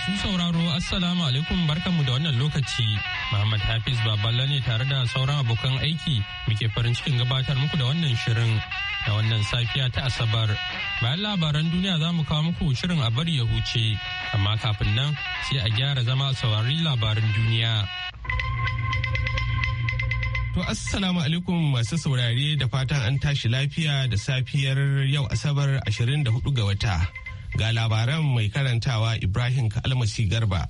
Masu sauraro Assalamu alaikum barkanmu da wannan lokaci. Muhammad Hafiz Baballa ne tare da sauran abokan aiki muke farin cikin gabatar muku da wannan shirin da wannan safiya ta Asabar. Bayan labaran duniya za mu kawo muku shirin a bari ya huce, amma kafin nan sai a gyara zama a saurari labaran duniya. To Assalamu alaikum masu saurare da fatan an tashi lafiya da safiyar yau Asabar 24 ga wata. Ga labaran mai karantawa Ibrahim Kalmasi Garba.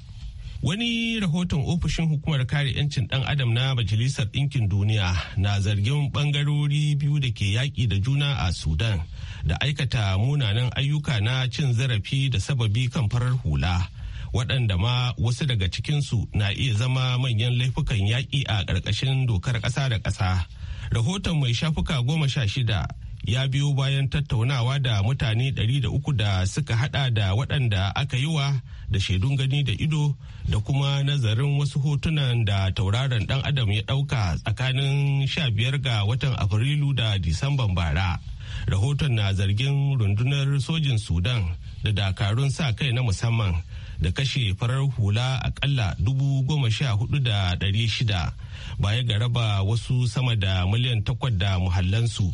Wani rahoton ofishin hukumar kare 'yancin ɗan adam na Majalisar Ɗinkin Duniya na zargin ɓangarori biyu da ke yaƙi da juna a Sudan da aikata munanan ayyuka na cin zarafi da sababi kan farar hula. waɗanda ma wasu daga cikinsu na iya zama manyan laifukan yaƙi a ƙarƙashin dokar ƙasa da ƙasa. Rahoton mai shafuka goma sha shida ya biyo bayan tattaunawa da mutane 300 da uku da suka hada da waɗanda aka yi wa da shaidun gani da ido da kuma nazarin wasu hotunan da tauraron dan adam ya ɗauka tsakanin sha biyar ga watan afrilu da disamban bara rahoton na zargin rundunar sojin sudan da dakarun sa kai na musamman da kashe farar hula akalla dubu goma sha hudu da dari shida baya ga raba wasu sama da miliyan takwas da muhallansu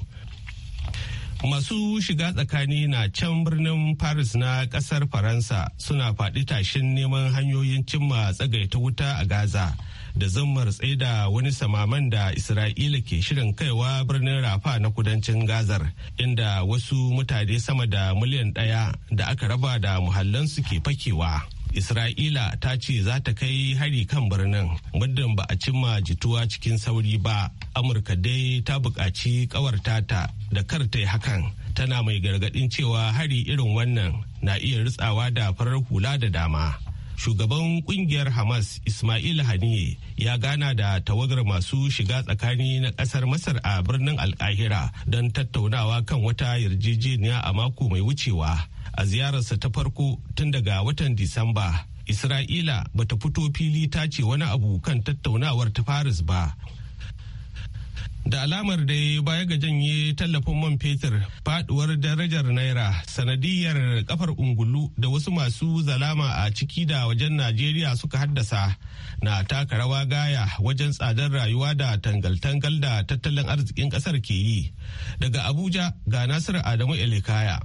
Masu shiga tsakani na can birnin Paris na kasar Faransa suna faɗi tashin neman hanyoyin cimma tsagaita wuta a Gaza da zammar tsaida wani samaman da Isra'ila ke shirin kaiwa birnin Rafa na kudancin Gazar inda wasu mutane sama da miliyan ɗaya da aka raba da muhallansu ke fakewa. Isra'ila ta ce za ta kai hari kan birnin muddin ba a cimma jituwa cikin sauri ba. Amurka dai ta buƙaci ƙawarta ta da kar ta yi hakan. Tana mai gargaɗin cewa hari irin wannan na iya ritsawa da farar hula da dama. Shugaban ƙungiyar Hamas Ismail Haniye ya gana da tawagar masu shiga tsakani na ƙasar Masar a birnin Alkahira don tattaunawa kan wata yarjejeniya a mako mai wucewa. a ziyararsa ta farko tun daga watan disamba isra'ila bata fito fili ta ce wani abu kan tattaunawar ta paris ba da alamar da ya baya ga janye tallafin man fetur faduwar darajar naira sanadiyar kafar ungulu da wasu masu zalama a ciki da wajen najeriya suka haddasa na taka rawa gaya wajen tsadar rayuwa da tangal-tangal da tattalin arzikin kasar ke yi daga abuja ga nasiru adamu elikaya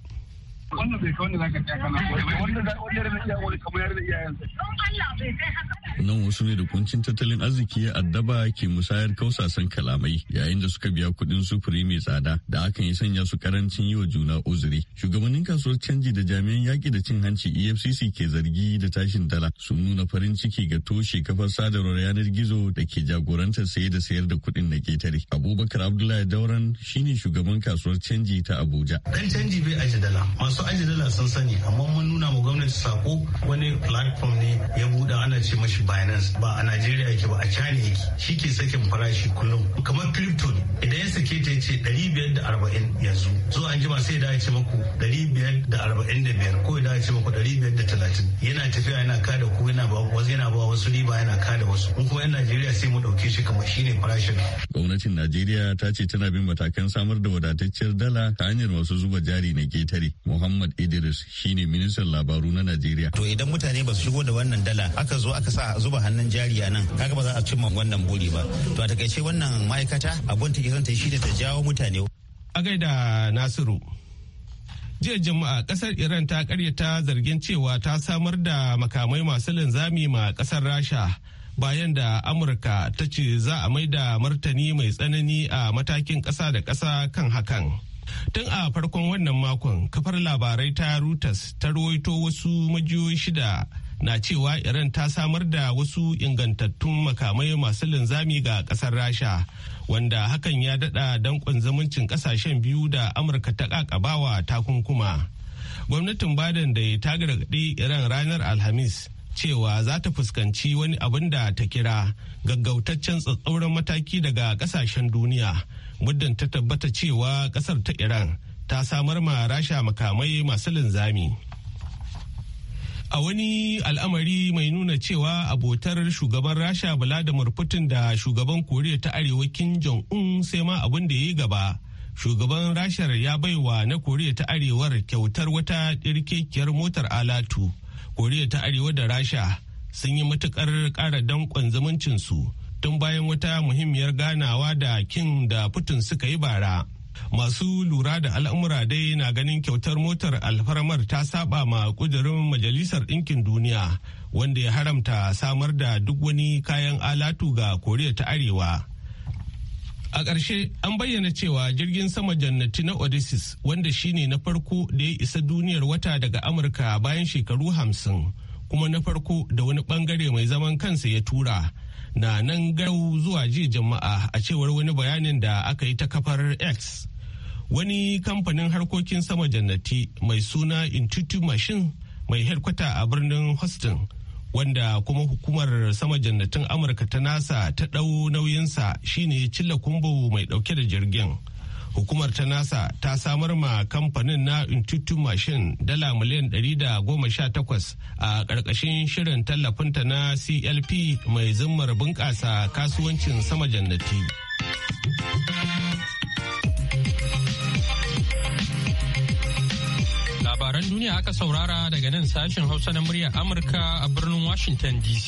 Nan wasu ne da kuncin tattalin arziki ya addaba ke musayar kausasan kalamai yayin da suka biya kuɗin sufuri mai tsada da hakan ya sanya su karancin yi wa juna uzuri. Shugabannin kasuwar canji da jami'an yaƙi da cin hanci EFCC ke zargi da tashin dala sun nuna farin ciki ga toshe kafar sadarwar yanar gizo da ke jagorantar saye da sayar da kuɗin na ƙetare Abubakar Abdullahi Dauran shine shugaban kasuwar canji ta Abuja. Kan canji bai aisha dala. su dala sun sani amma mun nuna mu gwamnati sako wani platform ne ya buɗe ana ce mashi binance ba a najeriya yake ba a china yake shi ke sakin farashi kullum kamar crypto idan ya sake ta ce arba'in yanzu zo an jima sai da ya ce maku biyar ko da ya ce maku talatin yana tafiya yana kada ku yana ba wasu yana ba wasu riba yana kada wasu mun kuma yan najeriya sai mu dauke shi kamar shine farashin gwamnatin najeriya ta ce tana bin matakan samar da wadatacciyar dala ta hanyar masu zuba jari na ketare muhammad Muhammad Idris shine ministan labaru na Najeriya. To idan mutane ba su shigo da wannan dala aka zo aka sa zuba hannun jari a nan kaga ba za a cimma wannan buri ba. To a takaice wannan ma'aikata abun take son ta shi ta jawo mutane. A gaida Nasiru. jiya juma'a kasar iran ta karyata zargin cewa ta samar da makamai masu linzami ma kasar rasha bayan da amurka ta ce za a mai da martani mai tsanani a matakin kasa da kasa kan hakan Tun a farkon wannan makon kafar labarai ta Reuters ta ruwaito wasu majiyoyi shida na cewa Iran ta samar da wasu ingantattun makamai masu linzami ga kasar Rasha wanda hakan ya dada dankon zumuncin kasashen biyu da Amurka ta kakabawa takunkuma. Gwamnatin Baden da ta gargaɗi Iran ranar Alhamis cewa za ta fuskanci wani abin da ta kira gaggautaccen tsatsauran mataki daga kasashen duniya muddin ta tabbata cewa kasar ta iran ta samar ma rasha makamai masu linzami a wani al'amari mai nuna cewa abotar shugaban rasha vladimir putin da shugaban koriya ta arewa kim jong-un sai ma abin da ya yi gaba shugaban rashar ya baiwa na koriya ta arewar kyautar wata ɗirkekiyar motar alatu koriya ta arewa da rasha sun yi matukar ƙara danƙon zumuncinsu tun bayan wata muhimmiyar ganawa da kin da putin suka yi bara masu lura da al'amura dai na ganin kyautar motar alfarmar ta saba ma kudurin majalisar ɗinkin duniya wanda ya haramta samar da duk wani kayan alatu ga koriya ta arewa a ƙarshe an bayyana cewa jirgin sama jannati na odysseus wanda shine na farko da ya isa duniyar wata daga amurka bayan shekaru hamsin kuma na farko da wani ɓangare mai zaman kansa ya tura na nan garau zuwa jiya jama'a a cewar wani bayanin da aka yi ta kafar x wani kamfanin harkokin sama jannati mai suna intuitu machine mai herkwata a birnin houston wanda kuma hukumar sama jannatin amurka ta nasa ta ɗau nauyinsa shine cilla kumbu mai ɗauke da jirgin hukumar ta nasa ta samar ma kamfanin na intutu machine dala miliyan 118 a ƙarƙashin shirin tallafinta na clp mai zimmar bunƙasa kasuwancin sama jannati labaran duniya aka saurara daga nan sashen hausa na muryar amurka a birnin washington dc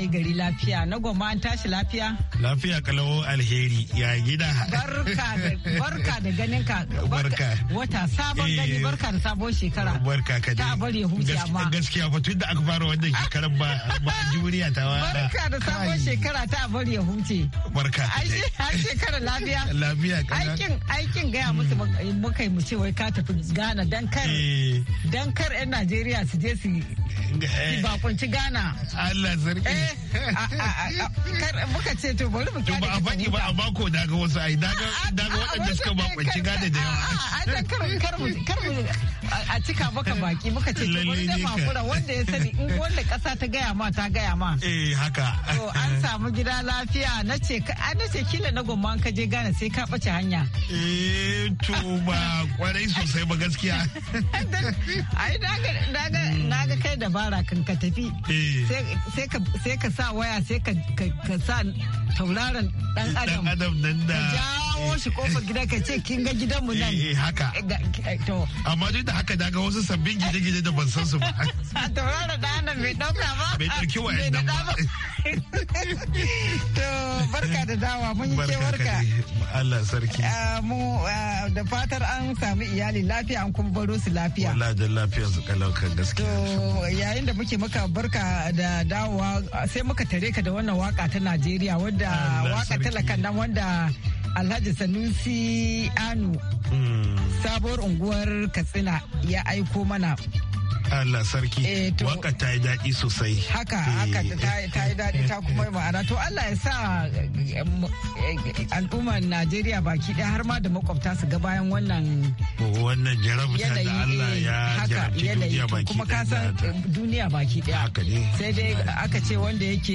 yi gari lafiya na goma an tashi lafiya lafiya kalawo alheri ya gida barka da ganin ka barka wata sabon gani eh. barka da sabon shekara barka ka ta bari huta ma gaskiya fa tun da aka fara wannan shekarar ba ba juriya ta wa barka da sabon shekara ta bari ya huce barka ai shekara lafiya lafiya aikin aikin gaya musu hmm. muka mu ce wai ka tafi gana dan kar eh. dan kar yan Najeriya su je su eh. bakunci gana Allah sarki muka ce to bari mu kyale ba a faɗi ba a bako daga wasu ai daga daga waɗanda suka ba kwanci gada da yawa an kar kar kar a cika maka baki muka ce to bari da makura wanda ya sani in wanda ƙasa ta gaya ma ta gaya ma eh haka to an samu gida lafiya na ce na ce kila na gomman ka je gane sai ka ɓace hanya eh to ba kwarai sosai ba gaskiya ai na ga kai dabara kan ka tafi eh. sai ka ka sa waya sai ka sa tauraron dan adam. Dan adam nan da. kawo shi kofar gida ka ce kin ga gidan mu nan eh haka eh, eh, to amma duk da haka daga wasu sabbin gidaje da ban san su ba tauraro da nan bai dauka ba bai dauki wa yan ba to barka da dawa mun yi kewarka Allah sarki eh, mu da fatar an sami iyali lafiya an kuma baro su lafiya wallahi da lafiya su kalauka gaskiya to yayin da muke maka barka da dawowa sai muka tare ka da wannan waka ta Najeriya wadda waka talakan nan wanda Alhaji Sanusi Anu, hmm. sabuwar unguwar Katsina ya aiko mana Allah sarki eh, waka ta yi daɗi sosai haka haka eh. ta yi daɗi ta kuma yi ma'ana to Allah ya sa eh, al'ummar Najeriya baki ɗaya har ma da makwabta su ga bayan wannan wannan jarabta da Allah ya jarabci duniya baki ɗaya kuma ka san duniya baki ɗaya haka ne sai dai aka ce wanda yake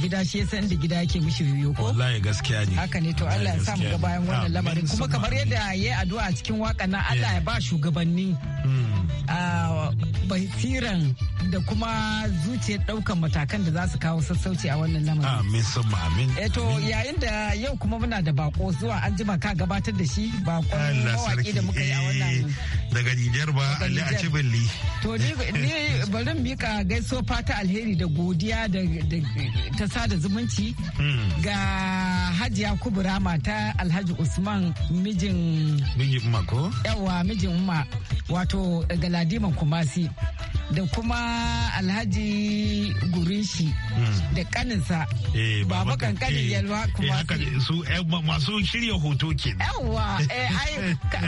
gida shi ya san da gida yake mishi riyo ko wallahi gaskiya ne haka ne to Allah ya sa mu ga bayan wannan ah, lamarin kuma kamar yadda ya yi addu'a cikin waka na Allah ya ba shugabanni hmm. ah, basiran da kuma zuciyar daukan matakan da za su kawo sassauci a wannan lamarin. Amin sama amin. Eto eh yayin da yau kuma muna da bako zuwa an jima ka gabatar da shi bakon mawaki da muka yi a wannan. Daga Nijar ba Ali Acibelli. To ni bari mika gaiso fata alheri da godiya da ta sada zumunci hmm. ga Hajiya Kubura mata Alhaji Usman mijin. Mijin Umma ko? Yawa mijin Umma wato Galadiman Kumasi. da kuma alhaji gurishi hmm. da kaninsa eh, baba kankanin yalwa kuma eh, su eh, masu shirya hoto ke yawwa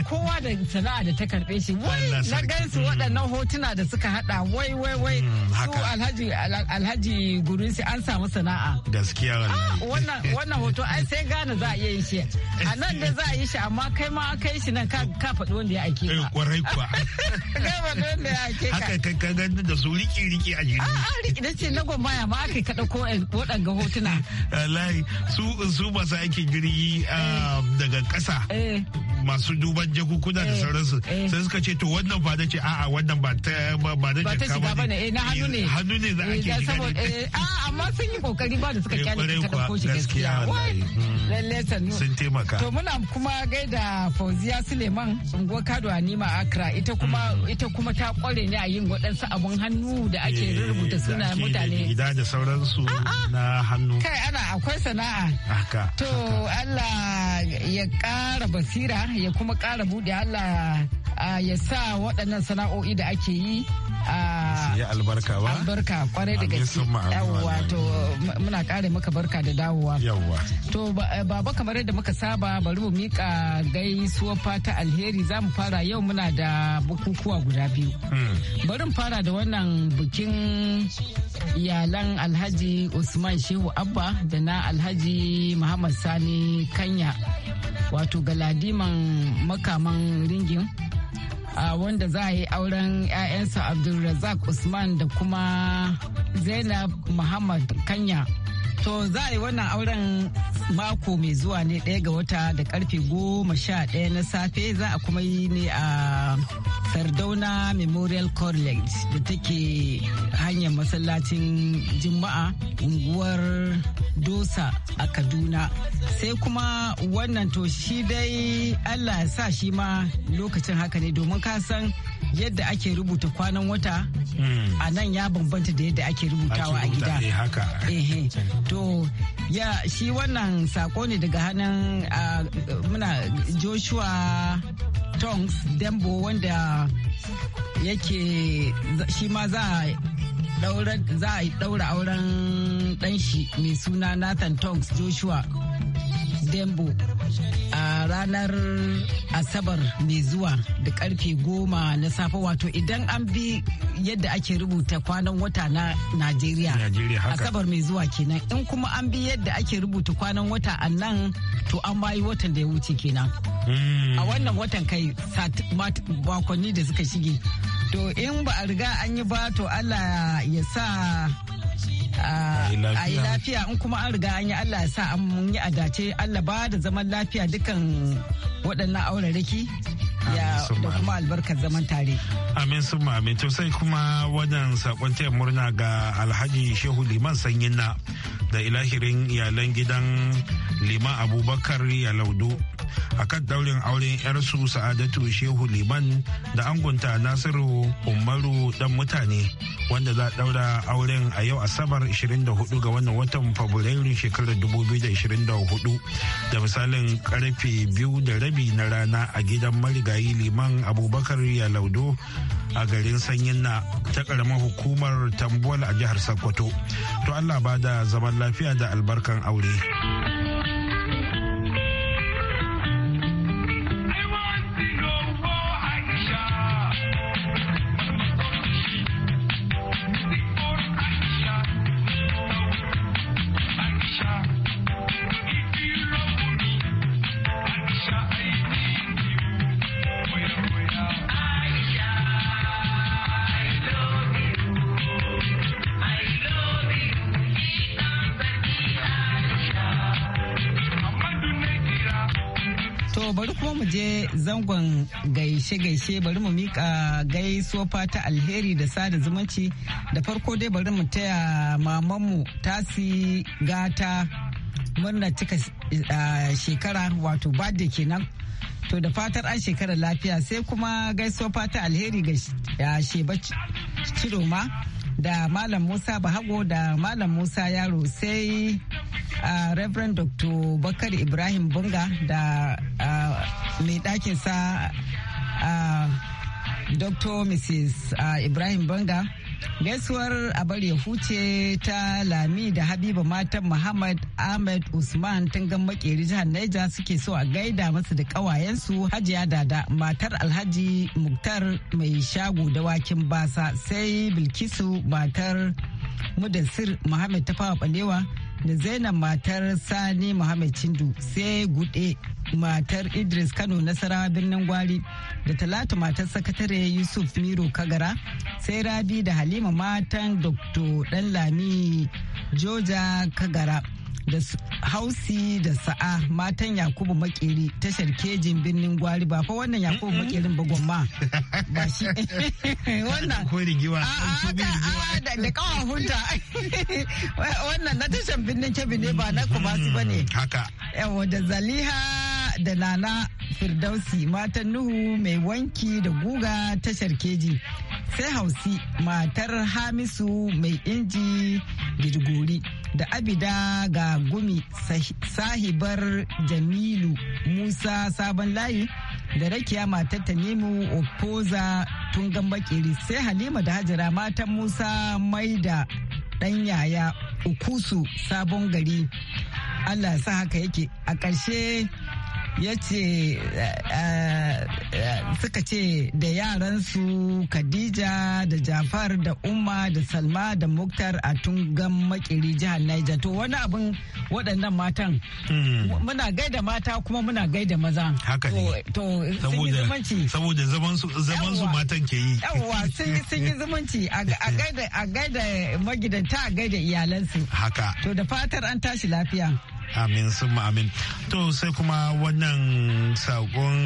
kowa da sana'a da ta karbe shi wai na gansu hmm. waɗannan hotuna da suka hada wai wai wai hmm, su alhaji alhaji gurishi an samu sana'a gaskiya ah, wannan wannan hoto ai sai gane za a iya yin shi a nan da za a yi shi amma kai ma aka yi shi nan ka faɗi wanda ya ake ba kwarai kuwa ga wanda ya ake haka kai ka ganin da su riki riki a jini a'a riki da ce na gwamaya ma aka ka ko waɗanga hotuna wallahi su su masu aikin jirgi ah, daga ƙasa eh. masu duban jakukuna da eh, sauransu eh. sai suka ce to wannan ba da ce a'a wannan ba ta ba da jaka ba ne eh, na hannu ne hannu ne za a ke a ah, amma sun yi kokari ba da suka kyale ta da koshi gaskiya hmm. lalle sannu sun taimaka to muna kuma gaida Fauziya Suleiman unguwar Kado Anima Accra ita kuma hmm. ita kuma ta kware ne a yin waɗansu abun hannu da ake rubuta suna mutane gida da sauransu na hannu kai ana akwai sana'a to Allah ya ƙara basira ya kuma ƙara buɗe Allah ya sa waɗannan sana'o'i da ake yi ya albarka ba albarka kwarai da gaske wato muna kare maka barka da dawowa yawwa to eh, baba kamar yadda muka saba bari mu mika gaisuwar fata alheri za mu fara yau muna da bukukuwa guda biyu hmm. bari mu fara da wannan bikin iyalan alhaji usman shehu abba da na alhaji muhammad sani kanya wato galadiman makaman ringin wanda za a yi auren 'ya'yansa abdulrazak usman da kuma zainab muhammad kanya To za a yi wannan auren mako mai zuwa ne ɗaya ga wata da karfe goma sha ɗaya na safe za a kuma yi ne a Sardauna Memorial College da take hanyar masallacin Juma'a unguwar Dosa a Kaduna. Sai kuma wannan to shi dai Allah ya sa shi ma lokacin haka ne domin ka san yadda ake rubuta kwanan wata hmm. a nan ya bambanta da yadda ake rubutawa a gida eh, to ya shi wannan sako ne daga hannun muna joshua tongs dembo wanda yake shi ma za a daura auren ɗanshi mai suna nathan tongs joshua dembo a ranar asabar mai zuwa da karfe goma na safe wato idan an bi yadda ake rubuta kwanan wata na najeriya asabar mai zuwa kenan in kuma an bi yadda ake rubuta kwanan wata a nan to an bayi watan da ya wuce kenan hmm. a wannan watan kai makonni da suka shige to in ba a riga an yi ba to allah ya sa a yi lafiya in kuma an riga an yi Allah ya sa an yi adace Allah ba da zaman lafiya dukan waɗannan aurariki ya da kuma albarkar zaman tare. Amin summa amin to kuma wajen sakon taya murna ga Alhaji Shehu Liman na da ilahirin iyalan gidan Liman Abubakar Yalaudu a kan daurin auren 'yarsu sa'adatu shehu liman da angunta nasiru umaru dan mutane wanda za daura auren a yau asabar 24 ga wannan watan fabrairu shekarar 2024 da misalin karfe biyu da rabi na rana a gidan marigayi liman abubakar yalaudo a garin sanyin na ta karamar hukumar tambuwal a jihar sokoto to allah ba da zaman lafiya da albarkan aure. mu je zangon gaishe-gaishe bari mu mika gaisofa ta alheri da sada zumunci da farko dai bari mu taya mamanmu tasi gata murna cika shekara wato birthday kenan to da fatar an shekara lafiya sai kuma gaisofa ta alheri ga sheba ciroma da malam musa bahago da malam musa yaro sai Uh, Reverend Dr. Bakar Ibrahim Bunga da uh, mai ɗakinsa uh, Dr. Mrs. Uh, Ibrahim Bunga. Gaisuwar abar ya huce ta Lami da Habiba matan Muhammad Ahmed Usman tungan makeri jihar Neja suke so a gaida masu da ƙawayensu Hajiya Dada matar Alhaji Muktar mai shago da wakin basa sai Bilkisu matar Mudassir Muhammad Tafawa Balewa. da zainab matar sani muhammad chindu sai gude matar idris kano nasarawa birnin gwari da talatu matar sakatare yusuf miro kagara sai rabi da halima matan dr danlami joja kagara da hausi da sa'a matan yakubu makeri tashar kejin birnin gwari ba fa wannan yakubu makerin ba gwamma ba shi wannan ko rigiwa da kawo hunta wannan na tashar birnin kebi ne ba na kumasi ba ne mm, haka yawa da zaliha da nana firdausi matan nuhu mai wanki da guga tashar keji sai hausi matar hamisu mai inji girgori da abida ga gumi sahibar jamilu musa sabon layi da rakiya matar tanimu opoza tun bakiri sai halima da hajara matan musa mai da dan yaya ukusu sabon gari allah sa haka yake a ƙarshe ya ce eh, eh, suka ce da yaransu khadija da jafar da umma da salma da muktar a tungan makiri jihar niger to wani abin waɗannan matan hmm. muna gaida mata kuma muna gaida maza haka ne to saboda zaman su matan ke yi yawwa sun yi zumunci a gaida magidanta a gaida iyalansu haka to da fatar an tashi lafiya amin sun amin to sai kuma wannan saƙon sakon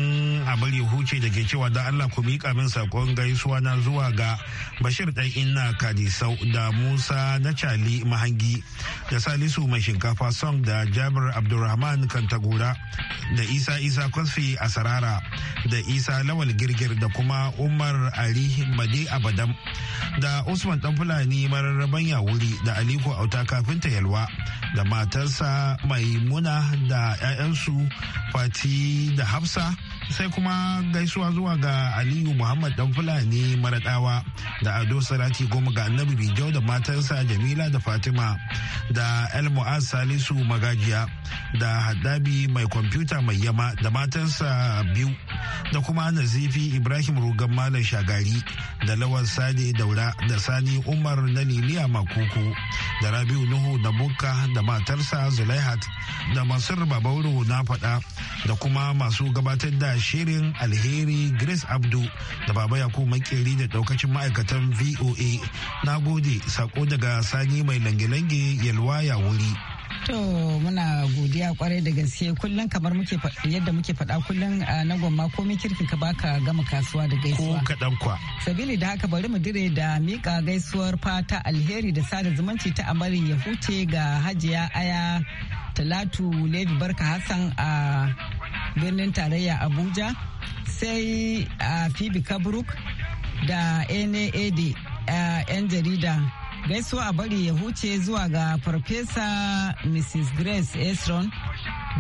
abari huce da ke cewa da allah ku miƙa min sakon gaisuwa na zuwa ga bashir ɗan inna kadisau da musa na cali mahangi da salisu mai shinkafa song da jabir abdulrahman kantagura da isa isa kwasfi a sarara da isa lawal girgir da kuma umar ali bade abadam da usman ɗan fulani mararraban yawuri da aliko auta kafinta yalwa da matarsa maimuna da 'ya'yansu fati da hafsa sai kuma gaisuwa zuwa ga aliyu muhammad dan fulani maradawa da ado sarati goma ga annabi bijau da matarsa jamila da fatima da el mu'az salisu magajiya da haddabi mai kwamfuta mai yama da matansa biyu da kuma nazifi ibrahim rugan malam shagari da lawan sade daura da sani umar na liliya makuku da rabiu nuhu da bukka da matarsa zulaihat da mansur babauru na faɗa da kuma masu gabatar da shirin alheri Grace Abdu da Baba Yakubu Makeri da daukacin ma'aikatan VOA. Na gode sako daga Sani mai lange-lange yalwa ya wuri. To muna godiya kwarai da gaske kullum kamar muke yadda muke faɗa kullum na gwamma komai kirkin ka baka gama kasuwa da gaisuwa. Ko kaɗan kwa. Sabili da haka bari mu dire da mika gaisuwar fata alheri da sada zumunci ta amarin ya huce ga hajiya aya Talatu Levi Barka Hassan a birnin tarayya abuja sai a phoebe kabruk da naad yan jarida gaisuwa a bari ya huce zuwa ga farfesa mrs grace esron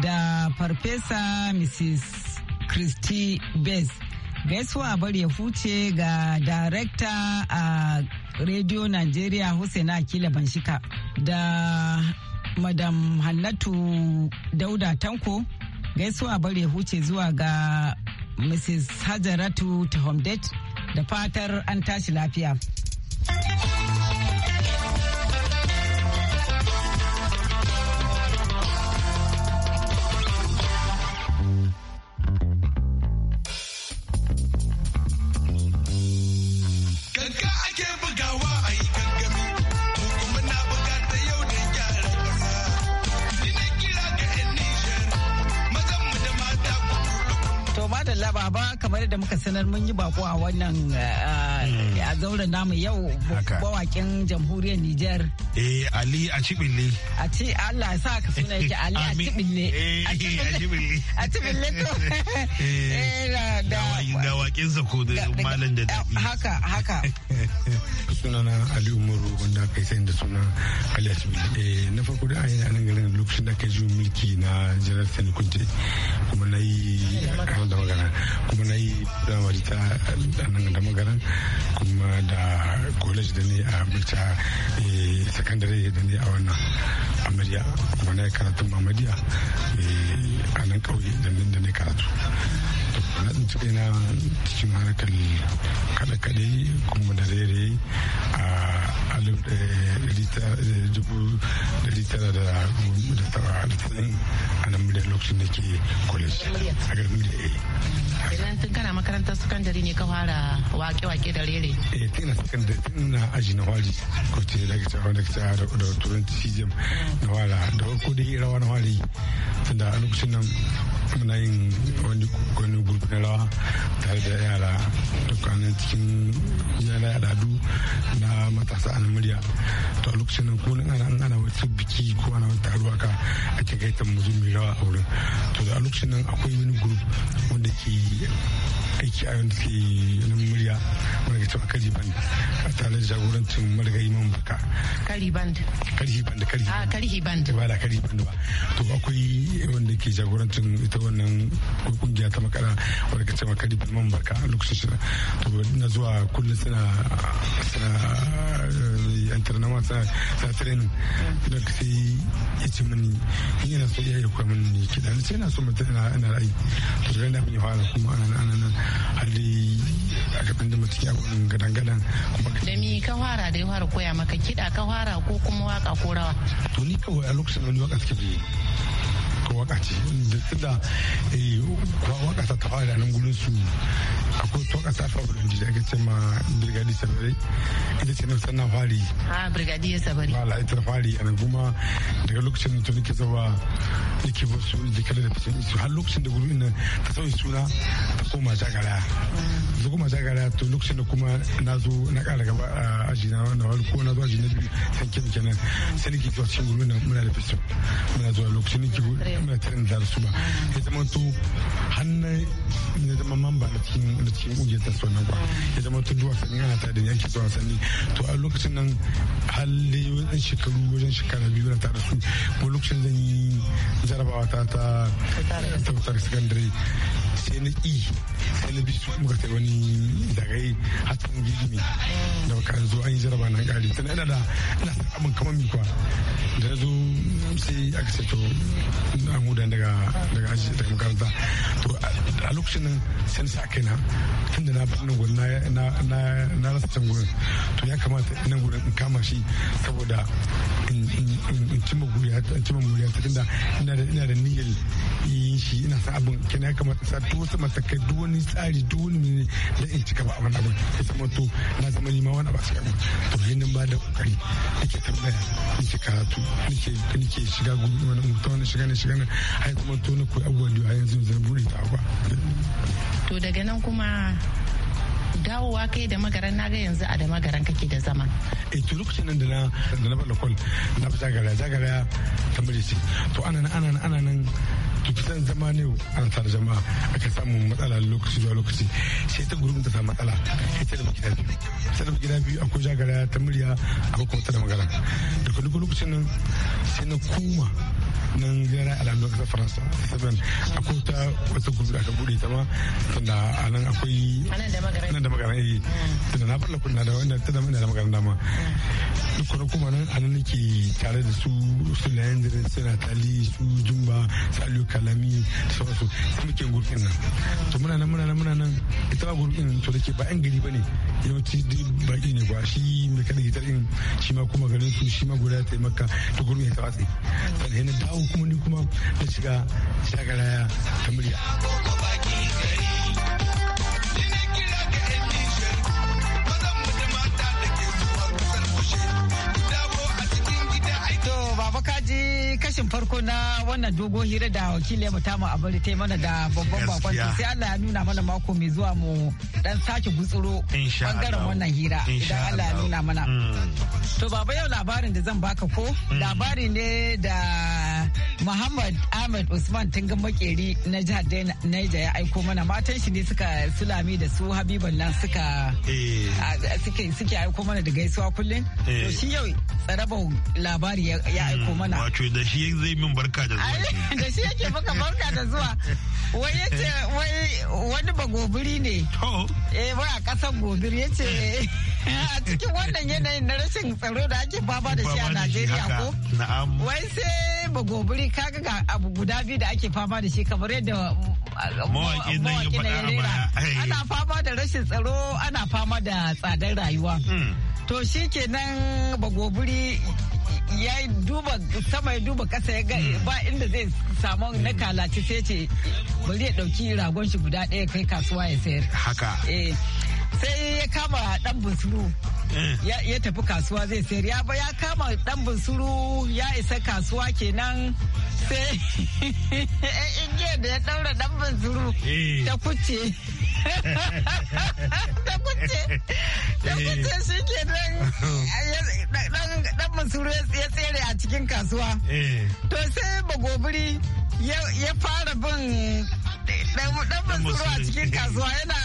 da farfesa mrs christy bess gaisuwa a bari ya huce ga darekta a radio nigeria hussein akila banshika da madam hannatu dauda tanko gaisuwa ya huce zuwa ga Mrs. Hajaratu Tahomdet da fatar an tashi lafiya. da baba kamar da muka sanar mun yi bako a wannan eh, a zaure namu yau bawakin jamhuriyar Nijar. Eh Ali a cibille. A ci Allah sa ka suna yake Ali a cibille. A cibille. A Eh da Da wakin sa ko eh, eh, da malam da dadi. Haka haka. Sunana Ali Umaru wanda kai sai da suna Ali a cibille. Na farko da an yi nan garin lokacin da kai zuwa mulki na Jirar Sani Kunte kuma nayi yi da magana. kuma na yi firamare ta nan da magaran kuma da college da ne a bita eh, secondary da ne a wannan amarya kuma na yi karatun mamadiya eh, a nan kauye da ne karatu na tsinci cikin harkar kaɗe-kaɗe kuma da rere a alif eh, ɗari eh, da a nan da lokacin da ke college a garin da a idan tun kana makarantar sakandare ne ka fara wake-wake da rere eh, tun na aji na ko ce daga cewa da turanci na wala da ko da rawa na tunda a lokacin nan muna yin wani gurbi na rawa tare da yara dukkanin cikin yara al'adu na matasa a murya to lokacin nan ko ana ana wata biki ko ana wata taruwa ka a cikin mu zo rawa a wurin to da lokacin nan akwai wani gurbi wanda ke aiki a yanda ke yi murya wani ke cewa kari band a tare da jagorancin marigayi man baka kari band kari band kari ah, band ba da kari band ba to akwai wanda ke jagorancin ita wannan kungiya ta makara wani ke cewa kari band man baka lokacin shi to na zuwa kullum suna suna yantar eh, na masa sa tirin da ka sai ya ce mini ina so iya yi kwa mini kiɗa na ce ina so mutum na ra'ayi to zai na fi yi fara kuma ana nan hali a gaban da mutum ya gudun gadan-gadan. Da mi ka fara da fara koya maka kiɗa ka fara ko kuma waka ko rawa? To ni kawai a lokacin da wani waka suke biyu. waka ce da eh, waka ta tafa da nan gudun su akwai waka ta fa burundi da ake ce ma brigadi sabari ita ce nan sannan fari a brigadi sabari wala ita fari a kuma daga lokacin da tuni ke zaba yake ba su da kala da fitin su har lokacin da gudun nan ta sauyi suna ta koma jagara su koma jagara to lokacin da kuma na zo na kara gaba a ajina na wani ko na zo ajina biyu sanke kenan sai nake zuwa cikin gudun nan muna da fitin muna zuwa lokacin da ke gudun ba tare da su ba ya zama to hannun ya zama mamba na cikin na cikin kungiyar ta sunan ba ya zama to duwa sani ana tare da yanki zuwa sani to a lokacin nan halli wajen shekaru wajen shekara biyu na tare su ko lokacin zan yi jarabawa ta ta tautar sakandare sai na i sai na bi muka sai wani zagaye hatta mu gidi da ka zo an yi jaraba na kare sannan da ina san abin kamar mi kwa da na zo sai aka ce an huda daga daga aji daga makaranta to a lokacin nan sai na sa kai na tun da na fi nan gudun na rasa can gudun to ya kamata nan gudun in kama shi saboda in cimma guriya ta tunda ina da niyyar yin shi ina sa abin kenan ya kamata sa to wasu matakai duk wani tsari duk wani ne da in cika ba abin abin ya zama to na zama nima wani ba su yamu to yi nan ba da kokari nake tambaya nake karatu nake nake shiga gudu wani mutum wani shiga ne shiga ne ai kuma to na koyi abubuwan da yanzu zai bude ta ba. to daga nan kuma dawowa kai da magaran na ga yanzu a da magaran kake da zama. E to lokacin nan da na da na bala kwal na fi zagara zagara ta mure to ana nan ana nan ana nan to fitan zama ne an sa da jama'a aka samu matsala lokaci zuwa lokaci sai ta gurbin ta samu matsala sai ta zama gida biyu ta zama gida biyu akwai jagara ta murya akwai kuma ta da magana daga duk lokacin nan sai na koma nan gara a lalata ƙasar faransa saban akwai ta wata gudu aka bude ta ma tunda a nan akwai nan da magana yi eh. tunda na falla kuna da wannan tunda mun da magana dama duk kuma kuma nan a nan nake tare da su su layan suna tali su jumba su aluka kalami da sauransu su muke gurbin nan to muna nan muna nan muna nan ita ba gurbin to da ke ba yan gari ba ne yawanci baki ne ba shi mai kada gitar shi ma kuma garin su shi ma guda to gurbin ya tawa dawo kuma ni kuma shiga shagaraya ta murya. kashin farko na wannan dogon hira da wakiliyar mu tamu abari ta mana da babban bakon sai Allah ya nuna mana mako mai zuwa mu dan sake gutsuro bangaren wannan hira idan Allah ya nuna mana. Mm. To baba yau labarin da zan baka ko mm. labari ne da Muhammad Ahmed Usman Tungan Makeri na jihar Niger ya aiko mana matan shi ne suka sulami da su Habiban nan suka eh. suke suke aiko mana da gaisuwa kullun. To eh. shi yau tsaraban labari ya aiko hmm, mana. Wato da shi zai min barka da zuwa. Da shi yake baka barka da zuwa. Wai yace eh. wai wani ba gobiri ne. Eh ba a kasan gobir yace a cikin wannan yanayin na rashin tsaro da ake baba da shi a Najeriya ko. Wai sai ba gobiri kaga ga abu guda biyu da ake fama da shi kamar yadda uh, uh, mawaƙi na ana fama da rashin tsaro ana fama da tsadar rayuwa hmm. to shi kenan bagoburi ya duba sama ya duba kasa ya ga hmm. ba inda zai samu hmm. na kalaci sai ce bari ya dauki ragon shi guda ɗaya kai kasuwa ya sayar haka eh. sai ya kama dan bunsuru ya tafi kasuwa zai sayar ya ba ya kama dan bunsuru ya isa kasuwa kenan sai igiyar da ya daura dan bunsuru eh. ta kuce ta eh. kuce ta kuce shi ke nan dan bunsuru ya tsere a cikin kasuwa eh. to sai bagobiri ya fara bin dan bunsuru a cikin kasuwa yana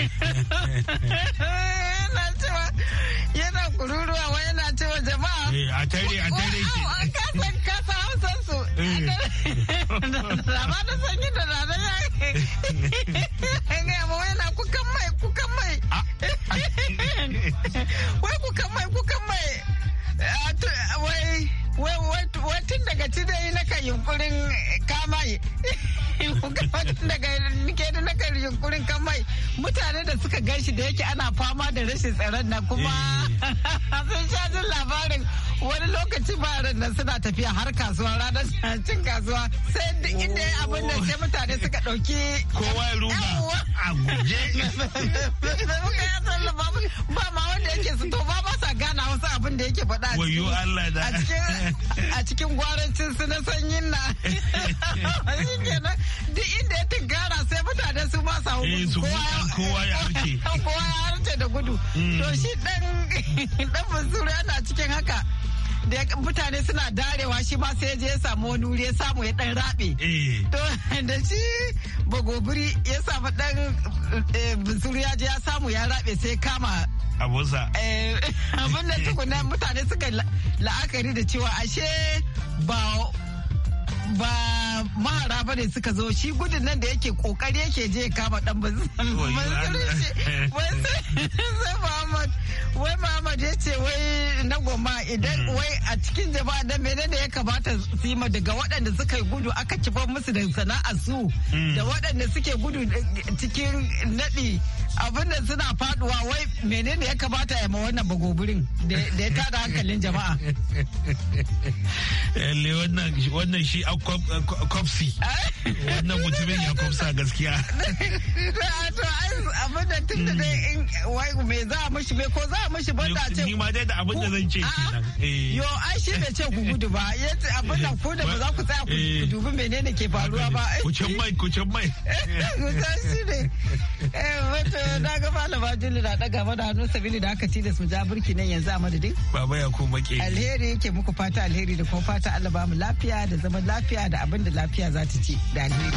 yana cewa yana kururuwa wa yana cewa jama'a eh, a tare a tare ki an kasa kasa amma da sanyi da rana ya mutane da suka gan shi da yake ana fama da rashin tsaron nan kuma eh. sun sha jin labarin wani lokaci ba ran nan suna tafiya har kasuwa ranar cin kasuwa sai duk inda ya abin da ke mutane suka ɗauki kowa ya ruga a guje ba ma wanda yake su to ba ba sa gana wasu abin da yake faɗa a cikin gwarancin su na sanyin na duk inda ya tunkara sai mutane su ba sa eh, kowa ya harce kowa ya da gudu mm. to shi dan dan basura yana cikin haka da mutane suna darewa shi ba sai je ya samu wani wuri ya samu ya dan rabe eh. to da shi bagobiri ya samu dan eh, busuru ya je ya samu ya rabe sai kama abusa abin da tukuna mutane suka la'akari da cewa ashe ba ba mahara ba ne suka zo shi gudun nan da yake kokari yake je kama dan ba sai Muhammad wai Muhammad ya ce wai na goma idan hmm. wai a cikin jama'a da menene ya kamata su yi daga waɗanda suka yi gudu aka kifa musu da sana'a su hmm. da waɗanda suke gudu eh, cikin nadi abin da suna faduwa wai menene ya kamata ya ma wannan bagoburin da ya tada hankalin jama'a. wannan shi kwafsi wannan mutumin ya kwafsa gaskiya abin da tun da hmm. dai me za a mashi ko za a mashi ba ta ce ni ma dai da abin da zan ce ah, eh. yo ai shi ne ce ku gudu ba yace abin da ku da ba za ku tsaya ku eh. dubi menene ke faruwa ba ku can mai ku can mai ku san shi ne eh wato na ga malama Juli na daga mana hannu sabili da aka tilas mu ja burki nan yanzu a madadin baba ya ko make alheri yake muku fata alheri da kuma fata Allah ba mu lafiya da zaman lafiya da abin da lafiya za ta ce da alheri.